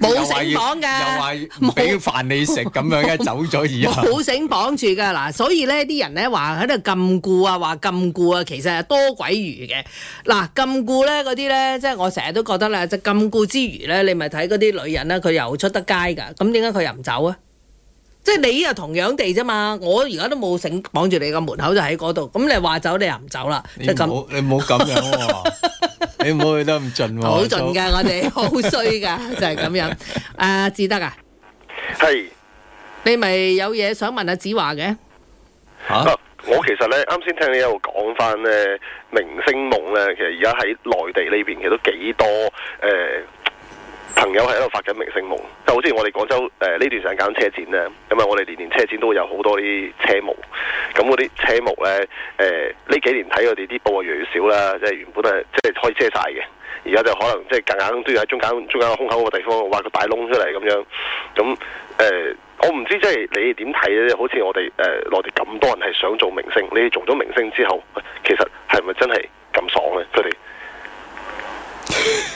冇繩綁噶，又話唔俾飯你食，咁沒樣嘅？走咗以後，冇繩綁住噶，嗱，所以咧啲人咧話喺度禁錮啊，話禁錮啊，其實係多鬼餘嘅。嗱，禁錮咧嗰啲咧，即係我成日都覺得咧，即係禁錮之餘咧，你咪睇嗰啲女人咧，佢又出得街噶，咁點解佢又唔走啊？即係你又同樣地啫嘛，我而家都冇繩綁住你，個門口就喺嗰度。咁你話走，你又唔走啦，就咁。你唔好，你唔好咁樣喎，你唔好去得咁盡喎。好盡㗎，我哋好衰㗎，就係咁樣。誒，志德啊，係你咪有嘢想問阿子華嘅？啊，我其實咧，啱先聽你一路講翻咧，明星夢咧，其實而家喺內地呢邊，其實都幾多誒。朋友係喺度發緊明星夢，就好似我哋廣州誒呢、呃、段時間搞緊車展呢。咁啊我哋年年車展都會有好多啲車模，咁嗰啲車模呢，誒、呃、呢幾年睇佢哋啲報啊越嚟越少啦，即、就、係、是、原本誒即係開車晒嘅，而家就可能即係夾硬都要喺中間中間胸口個地方挖個大窿出嚟咁樣，咁誒、呃、我唔知即係、就是、你點睇呢？好似我哋誒內地咁多人係想做明星，你做咗明星之後，其實係咪真係咁爽呢？佢哋？ <laughs>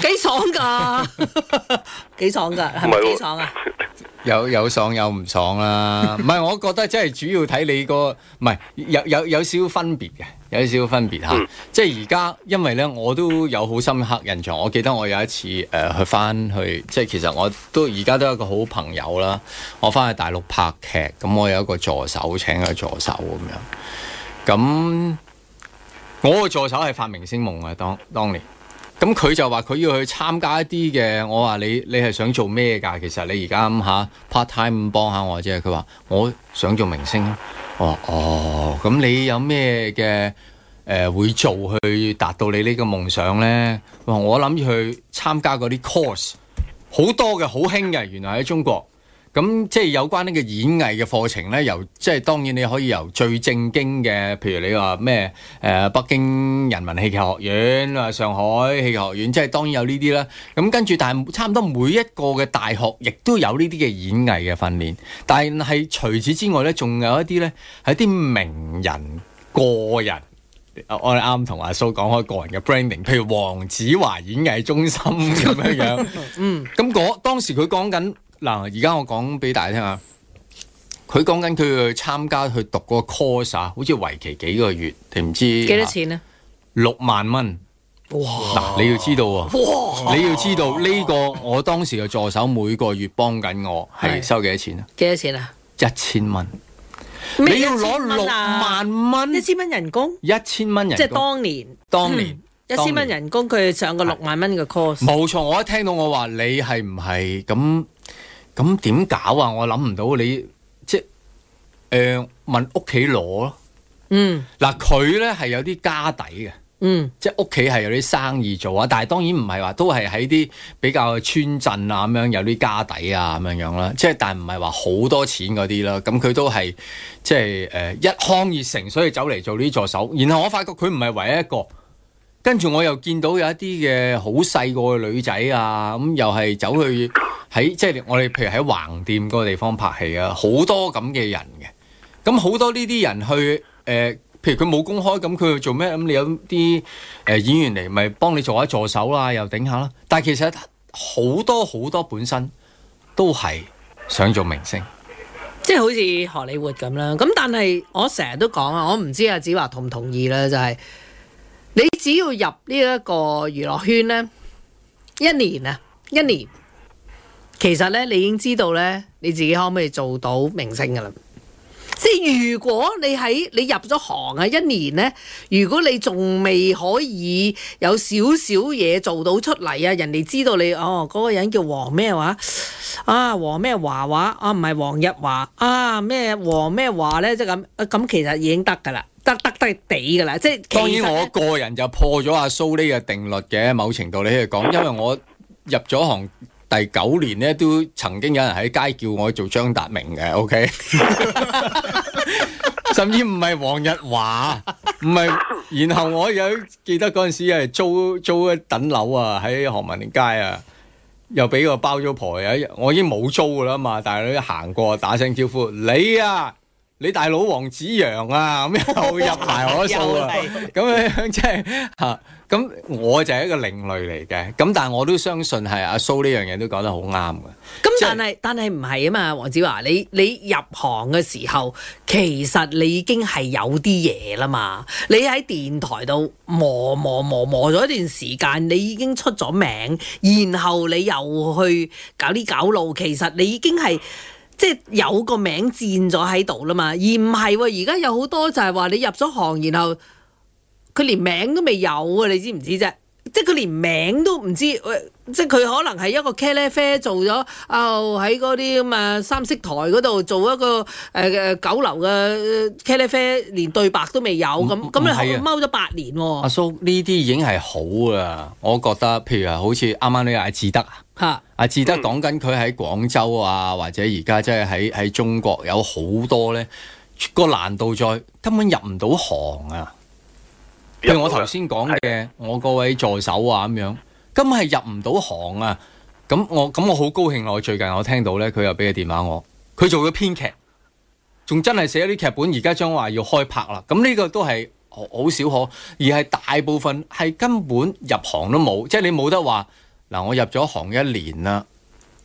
幾爽噶，幾 <laughs> 爽噶，係咪幾爽啊？有有爽有唔爽啦，唔係我覺得即係主要睇你個，唔係有有有少少分別嘅，有少分別有少少分別吓。嗯、即係而家，因為咧我都有好深刻印象，我記得我有一次誒去翻去，即係其實我都而家都有一個好朋友啦。我翻去大陸拍劇，咁我有一個助手，請個助手咁樣。咁我個助手係發明星夢啊，當當年。咁佢就話佢要去參加一啲嘅，我話，你你係想做咩噶？其實你而家咁吓 part time 幫下我啫。佢話我想做明星。我話哦，咁你有咩嘅誒會做去達到你呢個夢想咧？哇！我諗住去參加嗰啲 course，好多嘅，好興嘅，原來喺中國。咁、嗯、即係有關呢個演藝嘅課程呢，由即係當然你可以由最正經嘅，譬如你話咩誒北京人民戲劇學院啊，上海戲劇學院，即係當然有呢啲啦。咁、嗯、跟住，但係差唔多每一個嘅大學亦都有呢啲嘅演藝嘅訓練。但係除此之外呢，仲有一啲呢，係啲名人個人，我哋啱同阿蘇講開個人嘅 branding，譬如黃子華演藝中心咁樣 <laughs> 樣。 <laughs> 嗯、那個，咁嗰當時佢講緊。嗱，而家我講俾大家聽下，佢講緊佢去參加去讀嗰個 course 啊，好似為期幾個月定唔知幾多錢咧？六萬蚊哇！嗱，你要知道啊！你要知道呢個我當時嘅助手每個月幫緊我係收幾多錢啊？幾多錢啊？一千蚊，你要攞六萬蚊，一千蚊人工，一千蚊人，即係當年，當年一千蚊人工，佢上個六萬蚊嘅 course，冇錯。我一聽到我話你係唔係咁？咁點搞啊？我諗唔到你即係誒、呃、問屋企攞咯。嗯，嗱，佢咧係有啲家底嘅。嗯，即係屋企係有啲生意做啊。但係當然唔係話都係喺啲比較村鎮啊咁樣有啲家底啊咁樣樣啦。即係但係唔係話好多錢嗰啲啦。咁佢都係即係誒、呃、一腔熱誠，所以走嚟做呢助手。然後我發覺佢唔係唯一一個。跟住我又見到有一啲嘅好細個嘅女仔啊，咁又係走去喺即係我哋譬如喺橫店嗰個地方拍戲啊，好多咁嘅人嘅。咁好多呢啲人去誒、呃，譬如佢冇公開，咁佢去做咩？咁、嗯、你有啲誒演員嚟，咪、就、幫、是、你做下助手啦、啊，又頂下啦、啊。但係其實好多好多本身都係想做明星，即係好似荷里活咁啦。咁但係我成日都講啊，我唔知阿子華同唔同意啦，就係、是。你只要入呢一個娛樂圈咧，一年啊，一年，其實咧你已經知道咧你自己可唔可以做到明星噶啦？即係如果你喺你入咗行啊，一年咧，如果你仲未可以有少少嘢做到出嚟啊，人哋知道你哦，嗰、那個人叫黃咩話啊，黃咩華華啊，唔係黃日華啊，咩黃咩華咧，即係咁，咁其實已經得噶啦。得得得地噶啦，即係當然，我個人就破咗阿蘇呢個定律嘅。某程度你去講，因為我入咗行第九年咧，都曾經有人喺街叫我做張達明嘅。OK，甚至唔係黃日華，唔係。然後我有記得嗰陣時係租租一棟樓啊，喺何文田街啊，又俾個包租婆啊，我已經冇租噶啦嘛。但係佢行過打聲招呼，你啊～你大佬王子揚啊，咁 <laughs> 又入埋我數啊，咁樣樣即係嚇。咁我就係一個另類嚟嘅。咁但係我都相信係阿蘇呢樣嘢都講得好啱嘅。咁但係、就係、但係唔係啊嘛？黃子華，你你入行嘅時候，其實你已經係有啲嘢啦嘛。你喺電台度磨磨磨磨咗一段時間，你已經出咗名，然後你又去搞啲搞路，其實你已經係。即係有個名占咗喺度啦嘛，而唔係喎。而家有好多就係話你入咗行，然後佢連名都未有啊！你知唔知啫？即係佢連名都唔知，即係佢可能係一個茄喱啡做咗，又喺嗰啲咁啊三色台嗰度做一個誒誒、呃、九流嘅茄喱啡，l a 連對白都未有咁，咁、啊、你係咪踎咗八年阿叔呢啲已經係好啦，我覺得，譬如話好似啱啱呢個阿志德啊，阿志德講緊佢喺廣州啊，或者而家即係喺喺中國有好多咧個難度再根本入唔到行啊！譬如我頭先講嘅，的我嗰位助手啊咁樣，根本係入唔到行啊。咁我咁我好高興。我最近我聽到咧，佢又俾個電話我，佢做咗編劇，仲真係寫咗啲劇本。而家將話要開拍啦。咁呢個都係好少可，而係大部分係根本入行都冇，即係你冇得話嗱，我入咗行一年啦，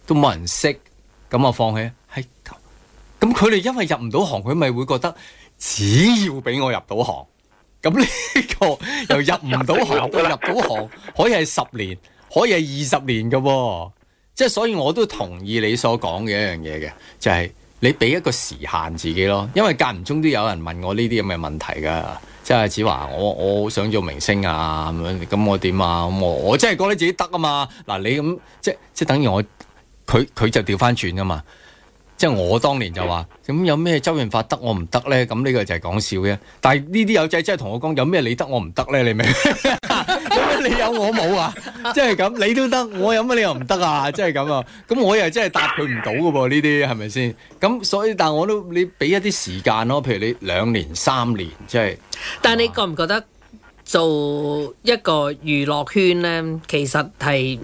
都冇人識，咁啊放棄。係咁，咁佢哋因為入唔到行，佢咪會覺得只要俾我入到行。咁呢個又入唔到行，入到行可以係十年，可以係二十年嘅喎，即係，所以我都同意你所講嘅一樣嘢，嘅就係你俾一個時限自己咯，因為間唔中都有人問我呢啲咁嘅問題噶，即係子華，我我好想做明星啊，咁樣咁我點啊，咁我我真係覺得自己得啊嘛，嗱你咁即即等於我佢佢就調翻轉啊嘛。即係我當年就話，咁有咩周潤發得我唔得咧？咁呢個就係講笑嘅。但係呢啲友仔真係同我講，有咩你得我唔得咧？你明？有咩你有我冇啊？即係咁，你都得，我有乜你又唔得啊？即係咁啊？咁我又真係答佢唔到噶噃？呢啲係咪先？咁所以，但係我都你俾一啲時間咯，譬如你兩年、三年，即係。但係你覺唔覺得做一個娛樂圈咧，其實係？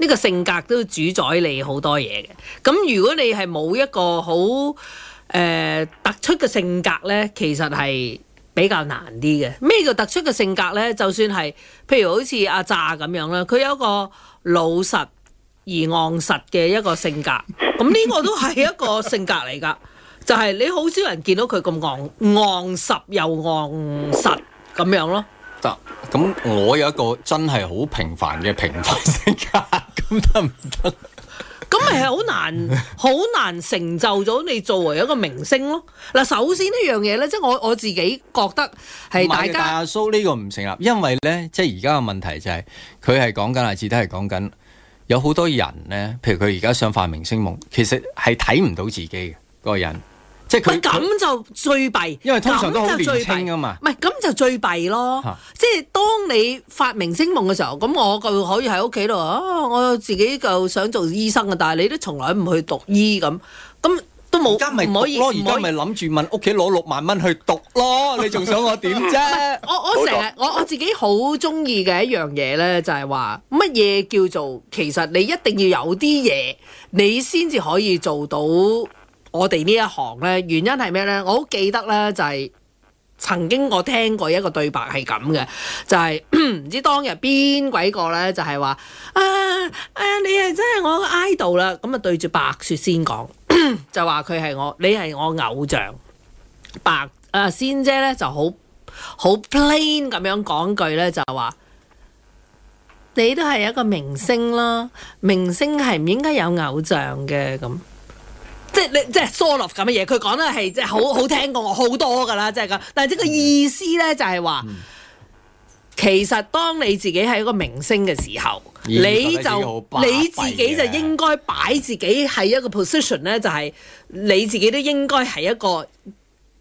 呢個性格都主宰你好多嘢嘅，咁如果你係冇一個好誒突出嘅性格呢，其實係比較難啲嘅。咩叫突出嘅性格呢？就算係，譬如好似阿炸咁樣啦，佢有一個老實而昂實嘅一個性格，咁呢 <laughs> 個都係一個性格嚟噶，就係、是、你好少人見到佢咁昂昂實又昂實咁樣咯。得咁，嗯、我有一個真係好平凡嘅平凡性格。咁得唔得？咁咪係好難，好 <laughs> 難成就咗你作為一個明星咯。嗱，首先呢樣嘢呢，即係我我自己覺得係大家阿蘇呢個唔成立，因為呢，即係而家嘅問題就係佢係講緊，阿志都係講緊，有好多人呢，譬如佢而家想發明星夢，其實係睇唔到自己嘅、嗰個人。佢咁就最弊，因為通常都好年輕啊嘛！唔係咁就最弊咯，即係當你發明星夢嘅時候，咁我就可以喺屋企度啊！我自己就想做醫生啊，但係你都從來唔去讀醫咁，咁都冇唔可以咯。而家咪諗住問屋企攞六萬蚊去讀咯，你仲想我點啫？我我成日我我自己好中意嘅一樣嘢咧，就係話乜嘢叫做其實你一定要有啲嘢，你先至可以做到。我哋呢一行呢，原因係咩呢？我好記得呢，就係曾經我聽過一個對白係咁嘅，就係、是、唔 <coughs> 知當日邊鬼個呢，就係、是、話啊，哎呀、你係真係我嘅 idol 啦，咁啊對住白雪仙講， <coughs> 就話佢係我，你係我偶像。白啊仙姐呢就好好 plain 咁樣講句呢，就話你都係一個明星啦，明星係唔應該有偶像嘅咁。即係你即係 solo 咁嘅嘢，佢講得係即係好好聽過我好多㗎啦，即係咁。但係即係個意思咧，就係話，其實當你自己係一個明星嘅時候，嗯、你就自你自己就應該擺自己係一個 position 咧、就係，就係你自己都應該係一個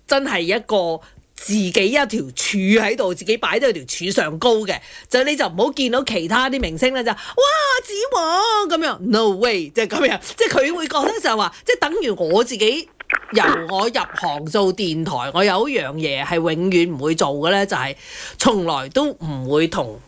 真係一個。自己一條柱喺度，自己擺到喺條柱上高嘅，就你就唔好見到其他啲明星咧就哇子王咁樣，no way 即就咁樣，即係佢會講得就話、是，即、就、係、是、等於我自己由我入行做電台，我有一樣嘢係永遠唔會做嘅咧，就係、是、從來都唔會同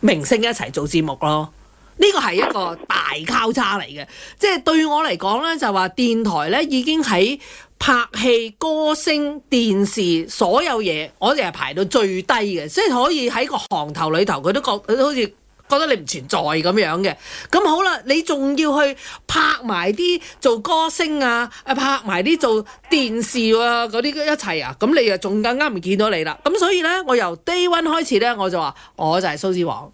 明星一齊做節目咯。呢個係一個大交叉嚟嘅，即、就、係、是、對我嚟講咧就話、是、電台咧已經喺。拍戲、歌星、電視所有嘢，我哋係排到最低嘅，即係可以喺個行頭裏頭，佢都覺都好似覺得你唔存在咁樣嘅。咁好啦，你仲要去拍埋啲做歌星啊，拍埋啲做電視啊嗰啲一齊啊，咁你又仲更加唔見到你啦。咁所以呢，我由 day one 開始呢，我就話我就係蘇志煌，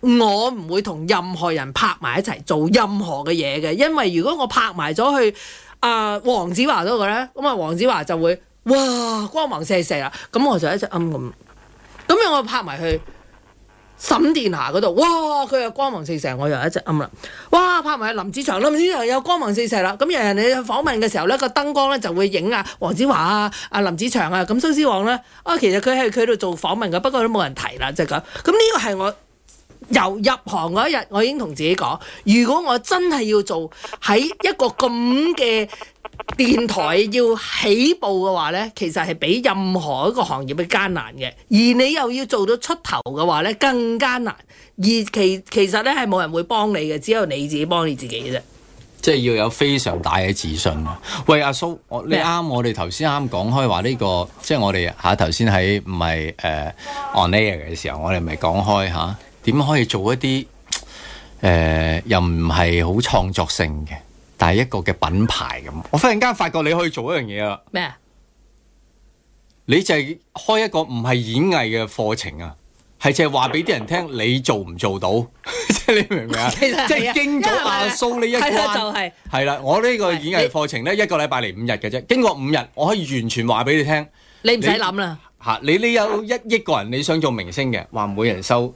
我唔會同任何人拍埋一齊做任何嘅嘢嘅，因為如果我拍埋咗去。阿黃、呃、子華嗰個咧，咁啊黃子華就會哇光芒四射啦，咁我就一直暗咁。咁樣我拍埋去沈殿霞嗰度，哇佢又光芒四射，我又一直暗啦，哇拍埋林子祥，林子祥又光芒四射啦，咁人人哋訪問嘅時候咧，個燈光咧就會影啊黃子華啊阿林子祥啊，咁蘇施黃咧，啊其實佢係佢度做訪問嘅，不過都冇人提啦就咁、是，咁呢個係我。由入行嗰一日，我已經同自己講：如果我真係要做喺一個咁嘅電台要起步嘅話呢，其實係比任何一個行業都艱難嘅。而你又要做到出頭嘅話呢，更艱難。而其其實呢係冇人會幫你嘅，只有你自己幫你自己嘅啫。即係要有非常大嘅自信啊！喂，阿蘇，我你啱，我哋頭先啱講開話呢個，即係我哋嚇頭先喺唔係誒 on air 嘅時候，我哋咪講開嚇。點可以做一啲誒，又唔係好創作性嘅，但係一個嘅品牌咁。我忽然間發覺你可以做一樣嘢啦。咩啊？你就係開一個唔係演藝嘅課程啊，係淨係話俾啲人聽，你做唔做到？即係你明唔明啊？即係經咗阿蘇呢一個，就係係啦。我呢個演藝課程咧，一個禮拜嚟五日嘅啫。經過五日，我可以完全話俾你聽，你唔使諗啦。嚇你？你有一億個人你想做明星嘅話，每人收。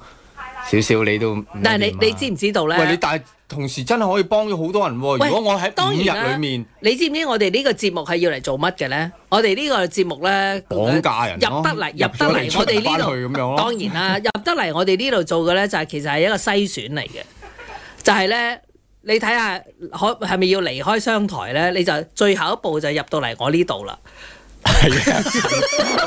少少你都、啊，但係你你知唔知道咧？喂，你但係同時真係可以幫咗好多人喎，啊。喂如果我喺當日裡面，啊、你知唔知我哋呢個節目係要嚟做乜嘅咧？我哋呢個節目咧，講嫁人，啊、入得嚟，入得嚟，我哋呢度當然啦，啊，入得嚟我哋呢度做嘅咧就係、是、其實係一個篩選嚟嘅，就係、是、咧你睇下可係咪要離開商台咧？你就最後一步就入到嚟我呢度啦。係啊，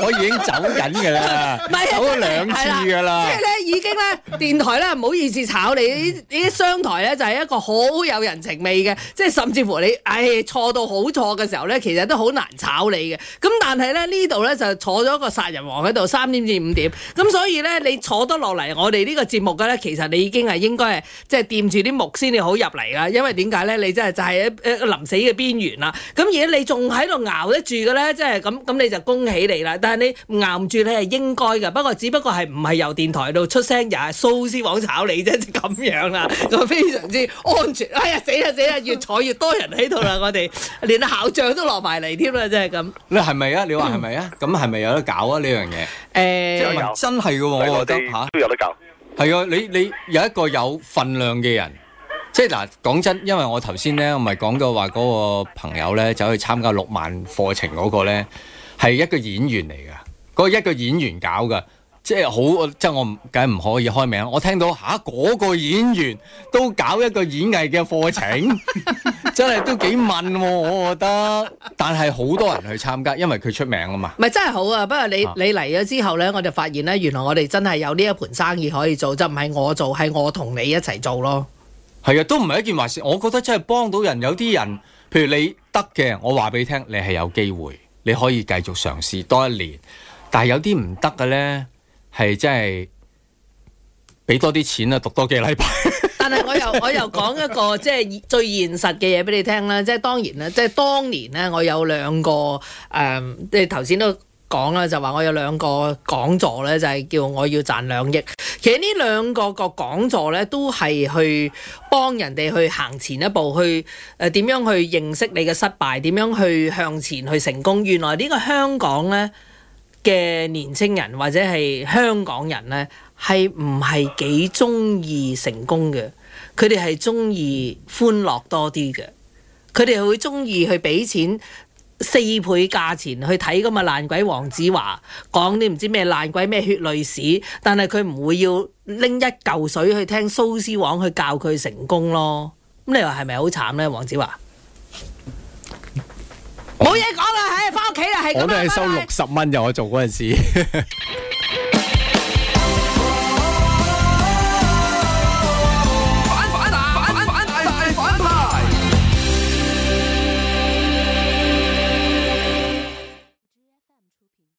<laughs> <laughs> 我已經走緊嘅啦，是走咗兩次嘅啦。即係咧，就是、已經咧，電台咧唔好意思炒你，呢啲商台咧就係、是、一個好有人情味嘅，即、就、係、是、甚至乎你，唉，錯到好錯嘅時候咧，其實都好難炒你嘅。咁但係咧呢度咧就坐咗個殺人王喺度，三點至五點，咁所以咧你坐得落嚟，我哋呢個節目嘅咧，其實你已經係應該係即係掂住啲木先至好入嚟啦。因為點解咧？你真係就係喺誒臨死嘅邊緣啦。咁而你仲喺度熬得住嘅咧，即係。咁咁你就恭喜你啦，但係你啱住你係應該嘅，不過只不過係唔係由電台度出聲，又係蘇絲黃炒你啫，咁樣啦，就非常之安全。哎呀，死啦死啦，越坐越多人喺度啦，我哋連校長都落埋嚟添啦，真係咁。你係咪啊？你話係咪啊？咁係咪有得搞啊？呢樣嘢？誒，真係嘅喎，我覺得嚇都有得搞。係啊，你你有一個有份量嘅人。即係嗱，講真，因為我頭先咧，我咪講到話嗰個朋友咧，走去參加六萬課程嗰個咧，係一個演員嚟噶，嗰一個演員搞噶，即係好，即係我唔，梗唔可以開名。我聽到吓嗰、啊那個演員都搞一個演藝嘅課程， <laughs> <laughs> 真係都幾問、啊，我覺得。但係好多人去參加，因為佢出名啊嘛。唔係真係好啊，不過你、啊、你嚟咗之後咧，我就發現咧，原來我哋真係有呢一盤生意可以做，即唔係我做，係我同你一齊做咯。係啊，都唔係一件壞事。我覺得真係幫到人，有啲人，譬如你得嘅，我話俾你聽，你係有機會，你可以繼續嘗試多一年。但係有啲唔得嘅呢，係真係俾多啲錢啊，讀多幾禮拜。但係我又 <laughs> 我又講一個即係最現實嘅嘢俾你聽啦，即係當然啦，即係當年呢，我有兩個誒，即係頭先都。講啦，就話我有兩個講座咧，就係叫我要賺兩億。其實呢兩個個講座咧，都係去幫人哋去行前一步，去誒點樣去認識你嘅失敗，點樣去向前去成功。原來呢個香港咧嘅年輕人或者係香港人咧，係唔係幾中意成功嘅？佢哋係中意歡樂多啲嘅，佢哋會中意去俾錢。四倍價錢去睇噶嘛爛鬼黃子華講啲唔知咩爛鬼咩血淚史，但係佢唔會要拎一嚿水去聽蘇斯王去教佢成功咯。咁你話係咪好慘呢？黃子華，冇嘢講啦，喺返屋企啦，係。我都係收六十蚊由我做嗰陣時。 <laughs>